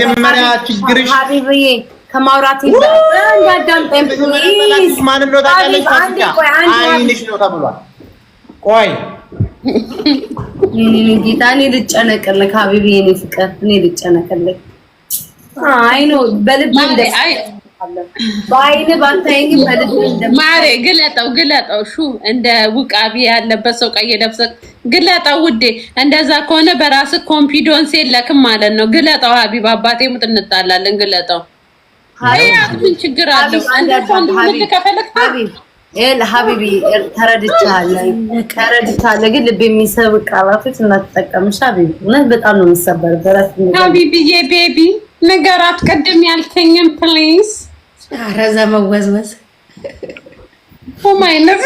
መጀመሪያ ችግርሽ ሀቢብዬ ከማውራት ፕሊዝ። ማንም ነው ታውቂያለሽ፣ አይንሽ ነው ተብሏል። ቆይ ጌታ፣ እኔ ልጨነቅልህ ሀቢብዬ፣ እኔ ፍቅር፣ እኔ ልጨነቅልህ። አይ ነው በልብ ማሬ ግለጠው ግለጠው ሹ እንደ ውቃቢ ያለበት ሰው ቀይ ለብሰህ ግለጠው ውዴ። እንደዛ ከሆነ በራስ ኮንፊደንስ የለክም ማለት ነው። ግለጠው ሀቢብ አባቴ ሙት እንጣላለን። ግለጠው ምን ችግር አለው? ሀቢቢ ተረድቻለሁ ተረድቻለሁ፣ ግን ልብ ቃላቶች እናትጠቀምሽ ሀቢቢ። እውነት በጣም ነው ቤቢ ንገራት ቅድም ያልከኝም ፕሊዝ አረዛ መወዝወዝ ማይነት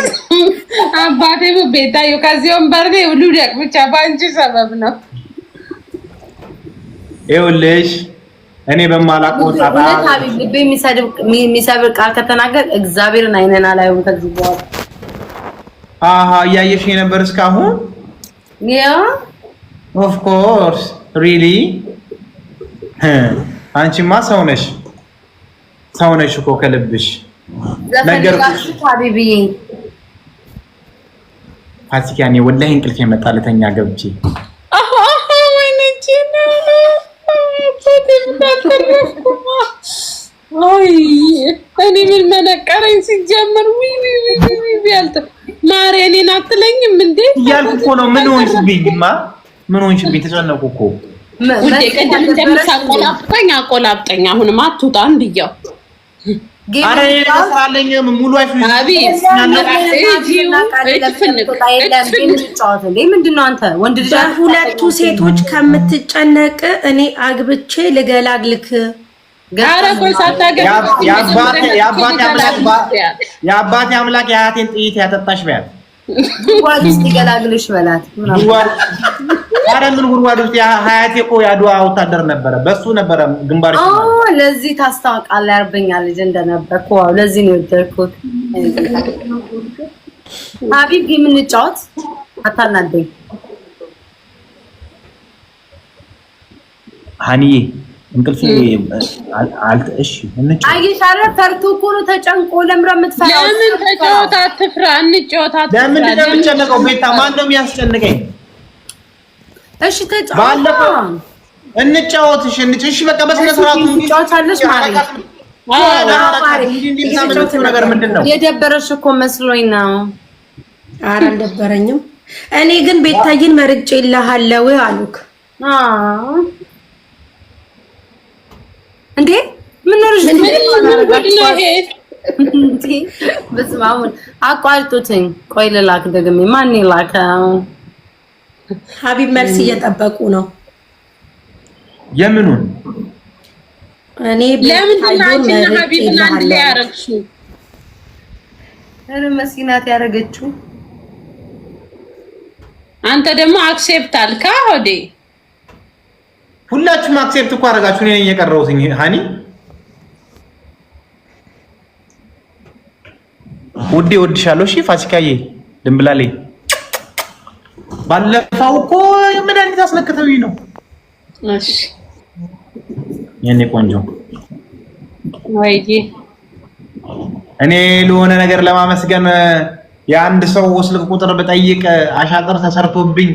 አባቴ ቤታዮ ከዚህ ወንበር ላይ ሁሉ ደቅ ብቻ በአንቺ ሰበብ ነው። ይኸውልሽ እኔ በማላውቀው የሚሰብር ቃል ከተናገር እግዚአብሔርን አይነና አላየሁም። ከዚህ በኋላ አሀ እያየሽ የነበር እስካሁን ያ ኦፍ ኮርስ ሪሊ አንቺማ ሰው ነሽ። ሰው ነሽ እኮ ከልብሽ ነገርኩሽ ሀቢብዬ። ፋሲካ እኔ ወላሂ እንቅልፍ የመጣ ልተኛ ገብቼ እኔ ምን መነቀረኝ ሲጀምር ማሪ እኔን አትለኝም እንዴ እያልኩ እኮ ነው። ምን ሆንሽብኝማ? ምን ሆንሽብኝ? ተጨነቁ እኮ ቅድም እንደምታቆላብጠኝ አቆላብጠኝ። አሁንማ አትውጣ እንብያው ምንድነው ሁለቱ ሴቶች ከምትጨነቅ እኔ አግብቼ ልገላግልክ። የአባቴ አምላክ የአያቴን ጥይት ያጠጣሽ በያት። ሊገላግልሽ በላት ታዲያ ምን ጉድጓድ ውስጥ ሀያቴ እኮ የአድዋ ወታደር ነበረ። በሱ ነበረ ግንባር። ለዚህ ታስታውቃለህ፣ አርበኛ ልጅ እንደነበርኩ። ዋው! ለዚህ ነው የወደድኩት። ሀቢብ የምንጫወት አታናደኝ ሀኒዬ። እንቅልፍ አልጥሽ አየሽ፣ ኧረ ፈርቶ እኮ ነው ተጨንቆ። ለምራ የምትፈራው ለምን? ተጫወታ፣ አትፍራ። እንጫወታ። ለምንድን ነው የምጨነቀው? ቤታ ማን ነው የሚያስጨንቀኝ? እሺ እንጫወት። እሺ በቃ በስነ ስርዓቱ እንጫወታለሽ። ነገር የደበረሽ? እኮ መስሎኝ ነው። ኧረ አልደበረኝም። እኔ ግን ቤታዬን መርጬ እልሃለሁ አሉክ። እንዴ ምን ነው በስመ አብ አቋርጡትኝ። ቆይ ልላክ ደግሜ። ማን ላከው? ሀቢብ መልስ እየጠበቁ ነው። የምኑን እኔ ለምንድን ነው ሀቢብን አንድ ላይ ያደረግሽው? መስኪናት ያደረገችው አንተ ደግሞ አክሴፕት አልካ ሆዴ። ሁላችሁም አክሴፕት እኮ አደረጋችሁ። እኔ የቀረሁት ሀኒ ውዴ፣ ወድሻለሁ። እሺ ፋሲካዬ ድንብላሌ ባለፈው እኮ መድኃኒት አስለክተውኝ ነው። እሺ የኔ ቆንጆ ወይዬ እኔ ለሆነ ነገር ለማመስገን የአንድ ሰው ስልክ ቁጥር ብጠይቅ አሻጥር ተሰርቶብኝ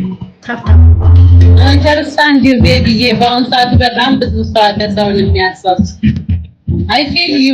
አንተርስታን ዩ ቤቢዬ በአሁኑ ሰዓት በጣም ብዙ ሰው አለ ሰውን የሚያሳስ አይ ፊል ዩ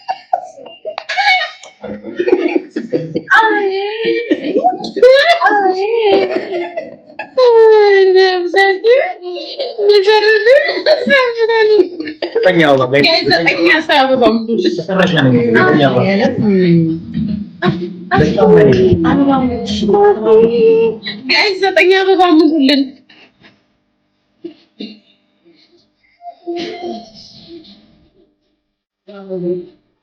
Ay. Ay. Penyawab. Kaya sa abang dulo. Sarap siya ng penyawab. Ano bang? Guys, natanya ko ba mo ulit? Thank you.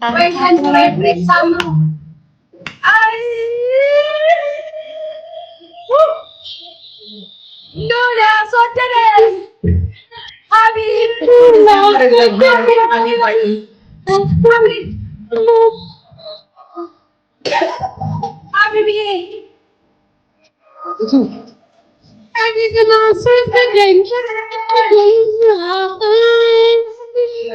My hand might break somehow. Dole asotele. Abi. Abi. Abi biye. Abi kena asotele. Abi kena asotele.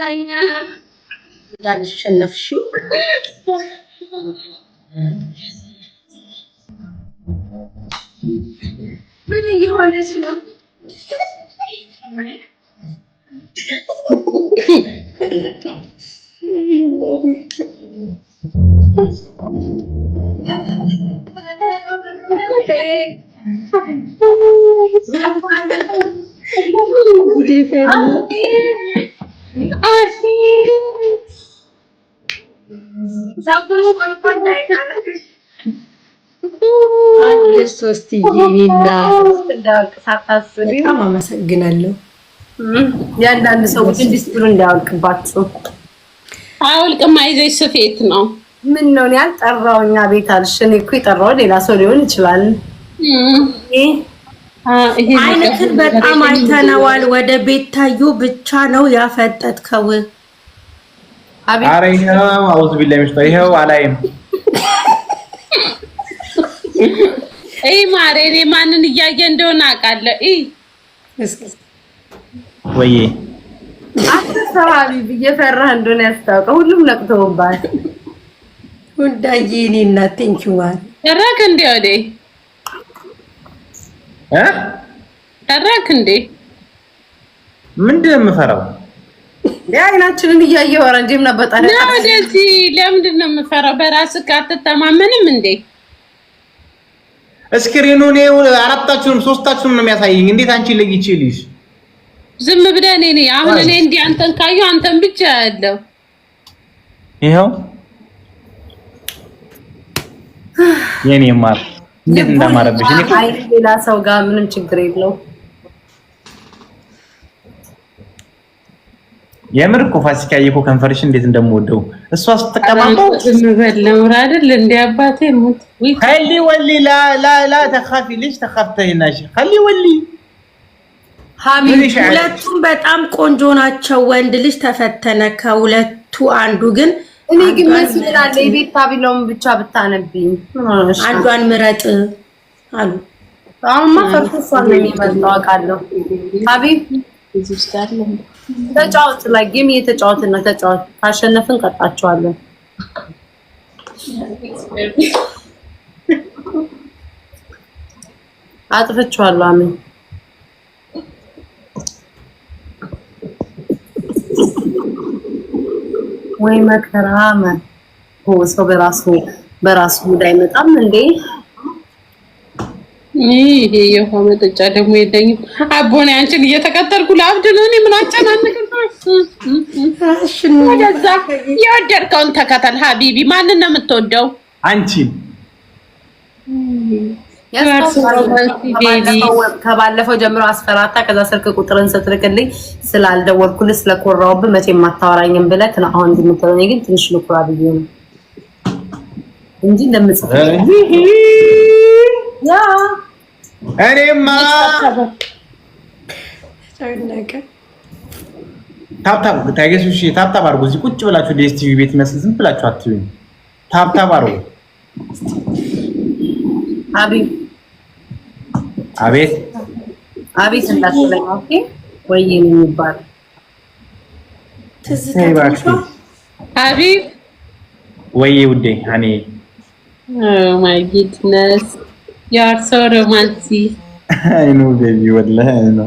kanya. God shall love you. Binigyan na sila. Okay. Hindi, Hey. በጣም አመሰግናለሁ። የአንዳንድ ሰው ሰዎች ዲስትሩ እንዳያወልቅባቸው አያወልቅም። አይዞሽ ስፌት ነው። ምን ነው ያልጠራው? እኛ ቤት አልሽ። እኔ እኮ የጠራው ሌላ ሰው ሊሆን ይችላል። አይነትን በጣም አይተነዋል። ወደ ቤታዩ ብቻ ነው ያፈጠጥከው። ኧረ ይኸው አውዝ ቢላ ይመስጣ ይኸው አላይም። እይ ማሬ፣ እኔ ማንን እያየ እንደሆነ አውቃለሁ። እይ እስኪ ወይ አትሰባቢ እየፈራህ እንደሆነ ያስታውቀ ሁሉም ነቅተውባት ሁዳዬ እኔ እና ቴንኪው ማሬ ረክ ወዴ እ እንዴ? ምንድን ነው የምፈራው? አይናችንን እያየሁ ኧረ እንጂ ወደዚህ ለምንድን ነው የምፈራው? በራስህ አትተማመንም እንዴ? እስክሪኑ እኔ አራታችሁንም ሶስታችሁንም ነው የሚያሳየኝ። እንዴት አንቺ ዝም ብለህ እኔ ነኝ አሁን እኔ እንዲህ አንተን ካየሁ አንተን ብቻ ያለው ይኸው የኔ ማር እንዴት እንዳማረብሽ! አይ ሌላ ሰው ጋር ምንም ችግር የለው። የምር እኮ ፋሲካ እኮ ከንፈርሽ እንዴት እንደምወደው እሷ ስትቀማማው አይደል? አባቴ ሙት ኸሊ ወሊ ላ ላ ላ ተኻፊ ልጅ ኸሊ ወሊ ሁለቱም በጣም ቆንጆ ናቸው። ወንድ ልጅ ተፈተነ። ከሁለቱ አንዱ ግን እኔ ግን መስላለ የቤት ፓቪሎም ብቻ ብታነብኝ አንዷን ምረጥ አሉ። አሁንማ ፈርኩሷ ነው የሚመጣው አውቃለሁ። ሀቢብ ተጫወት ላይ ጌም እየተጫወትን ነው። ተጫወት ካሸነፍን ቀጣቸዋለን። አጥፍቼዋለሁ። አሜን ወይ መከራ ሰው በራሱ በራሱ ጉዳይ መጣም እንዴ! ይሄ የውሃ መጠጫ ደግሞ የለኝም። አቦኔ አንቺን እየተከተልኩ ለአብድ ነው። እኔ ምን አጨናንቅ? የወደድከውን ተከተል ሀቢቢ። ማንን ነው የምትወደው አንቺን? ከባለፈው ጀምሮ አስፈራታ። ከዛ ስልክ ቁጥርን ስትልክልኝ ስላልደወልኩልህ ስለኮራውብህ መቼም አታወራኝም ብለህ ነው አሁን የምትለው። ግን ትንሽ ልኩራ ብዬ ነው እንጂ እንደምጽፍ እኔማ ታብታብ እዚህ ቁጭ ብላችሁ ዲኤስቲቪ ቤት መስል ዝም ብላችሁ አትዩኝ። ታብታብ አድርጎ አቢ አቤት አቤት ወይ የሚባል አቤት ወይ ውዴ እኔ ማይ ጊድነስ ዩ አር ሶ ሮማንቲክ አይ ኖ ቤቢ ወላሂ አይ ኖ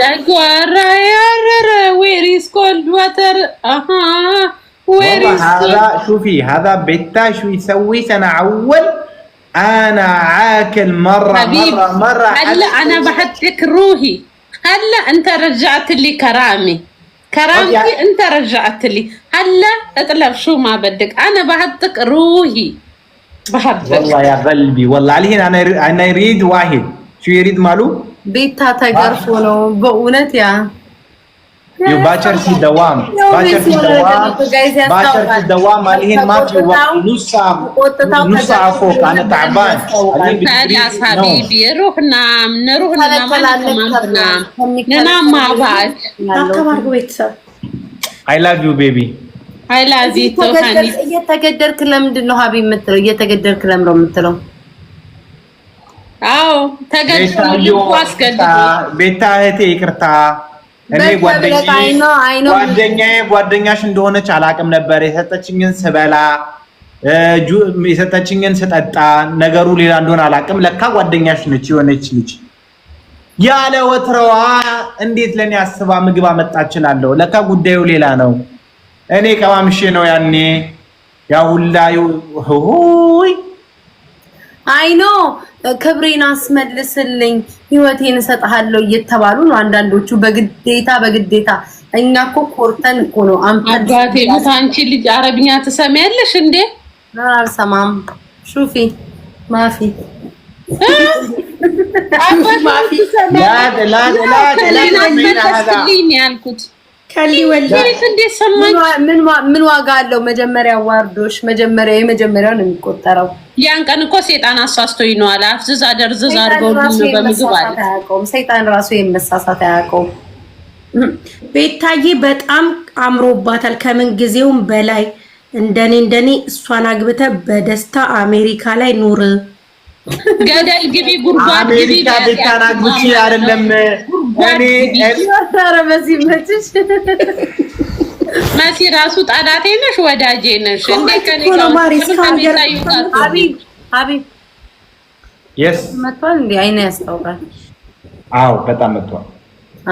ዳጓራ ያረረ ዌር ኢዝ ኮልድ ዋተር አሃ هذا شوفي هذا بتا شو يسوي سنة أول انا عاكل مره حبيب. مره مره هلا انا لك روحي هلا انت رجعت لي كرامي كرامتي يعني. انت رجعت لي هلا اطلب شو ما بدك انا بحطك روحي بحبك والله يا قلبي والله عليه انا انا يريد واحد شو يريد ماله بيتا ولو بقولت يا You butchers is the one. Butchers is the one. Butchers is the one. Malihin mati wa nusa nusa afo kana taban. ታዲ አስሀቢቢ ሩህናም ነሩህና አከባርጉ ቤተሰብ አይ ላቭ ዩ ቤቢ አይ ላቭ ዩ ተሃኒ እየተገደልክ ለምንድን ነው ሀቢ የምትለው? እየተገደልክ ለምሮ የምትለው? አዎ ተገደልኩ አስገድኩ ቤታ እህቴ ይቅርታ እኔ ጓደኛዬ ጓደኛሽ እንደሆነች አላቅም ነበር። የሰጠችኝን ስበላ የሰጠችኝን ስጠጣ ነገሩ ሌላ እንደሆነ አላቅም። ለካ ጓደኛሽ ነች የሆነች ልጅ ያለ ወትረዋ እንዴት ለእኔ አስባ ምግብ አመጣችላለሁ። ለካ ጉዳዩ ሌላ ነው። እኔ ቀማምሼ ነው ያኔ ያሁላ አይኖ ክብሬን አስመልስልኝ ህይወቴን እሰጥሃለሁ እየተባሉ ነው አንዳንዶቹ። በግዴታ በግዴታ እኛ እኮ ኮርተን እኮ ነው። አምጣት አንቺ ልጅ አረብኛ ትሰሚያለሽ እንዴ? አልሰማም። ሹፊ ማፊ ማፊ ምን ዋጋ አለው? መጀመሪያ ዋርዶሽ መጀመሪያ የመጀመሪያው ነው የሚቆጠረው። ያን ቀን እኮ ሴጣን አሳስቶኝ ነው አፍዝዝ አደርዝዝ አድርገው በምግብ አለ። ራሱ የመሳሳት አያውቀውም። ቤታዬ በጣም አምሮባታል ከምን ጊዜውም በላይ እንደኔ እንደኔ እሷን አግብተ በደስታ አሜሪካ ላይ ኑር። ገደል ግቢ፣ ጉድጓድ ግቢ። ብታናግቺ አይደለም መሲ ራሱ ጠላቴ ነሽ ወዳጄ ነሽ። እንዴ ከኔ ጋር አዎ፣ በጣም መጥቷል።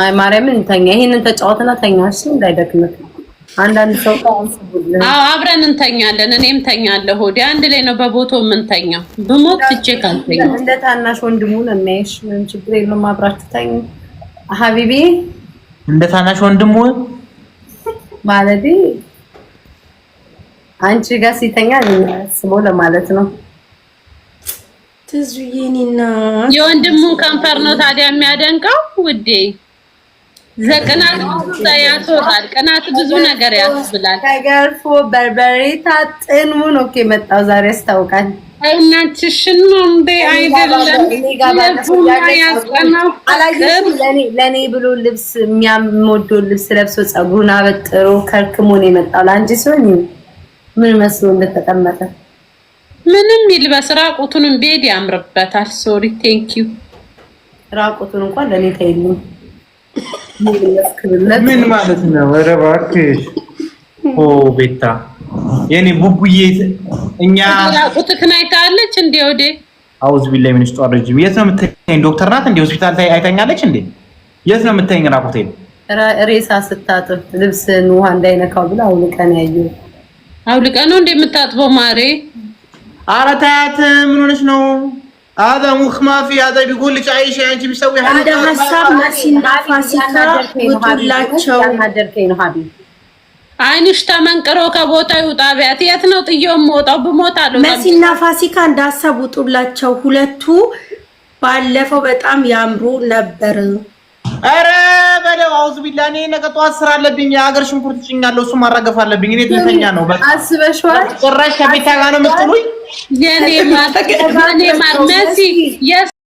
አይ ማርያምን ተኛ፣ ይሄንን ተጫወትና ተኛ እንዳይደክምህ አንዳንድ ሰው አብረን እንተኛለን። እኔም ተኛለሁ። ሆዴ አንድ ላይ ነው በቦቶ የምንተኛው። ብሞት ትቼ ካልተኛ እንደ ታናሽ ወንድሙ ነው የሚያይሽ። ምንም ችግር የለውም። አብራችሁ ሀቢቢ። እንደ ታናሽ ወንድሙ ማለት አንቺ ጋር ሲተኛ ስቦ ለማለት ነው። ትዙዬ የወንድሙን ከንፈር ነው ታዲያ የሚያደንቀው ውዴ ዘቅናት ያስወጣል። ቅናት ብዙ ነገር ያስብላል። ተገርፎ በርበሬ ታጥኑ ነው የመጣው ዛሬ ያስታውቃል። እናትሽን ነው እንዴ? አይደለም ለእኔ ብሎ ልብስ የሚያምወደው ልብስ ለብሶ ፀጉሩን አበጥሮ ከርክሞ ነው የመጣው። ለአንቺ ሲሆን ምን መስሎ እንደተቀመጠ ምንም ይልበስ። ራቁቱንም ቤድ ያምርበታል። ሶሪ ቴንኪው። ራቁቱን እንኳን ለእኔ ተይልኝ ምን ማለት ነው? ኧረ እባክሽ ቤታ የኔ ቡቡዬ እኛ ቁጥክና ይታለች እንዴ? ወዴ አውዝ ምን ስጧ የት ነው የምትተኝ? ዶክተር ናት እንዴ? ሆስፒታል ታይ አይተኛለች እንዴ? የት ነው የምትተኝ? ራቁቴ ሬሳ ስታጥብ ልብስን ውሃ እንዳይነካው አውልቀን ነው እንዴ የምታጥበው? ማሬ አረ ምን ሆነች ነው አዳ ሙክማፊ አዳ ቢጎልጭ አይሽ አንቺ ቢሰዊ አዳ ሀሳብ መሲና ፋሲካ ውጡላቸው። አይንሽ ተመንቅሮ ከቦታ ይውጣ። ቢያት የት ነው ጥየው ሞጣው ብሞት አሉ መሲና ፋሲካ እንደ ውጡላቸው። ሁለቱ ባለፈው በጣም ያምሩ ነበር። ኧረ በለው አውዝ ቢላ። እኔ ነገ ጠዋት ስራ አለብኝ። የሀገር ሽንኩርት ጭኛለሁ፣ እሱ ማራገፍ አለብኝ። እኔ ትተኛ ነው አስበሽዋል። ጭራሽ ከቤታ ጋር ነው የምትሉኝ።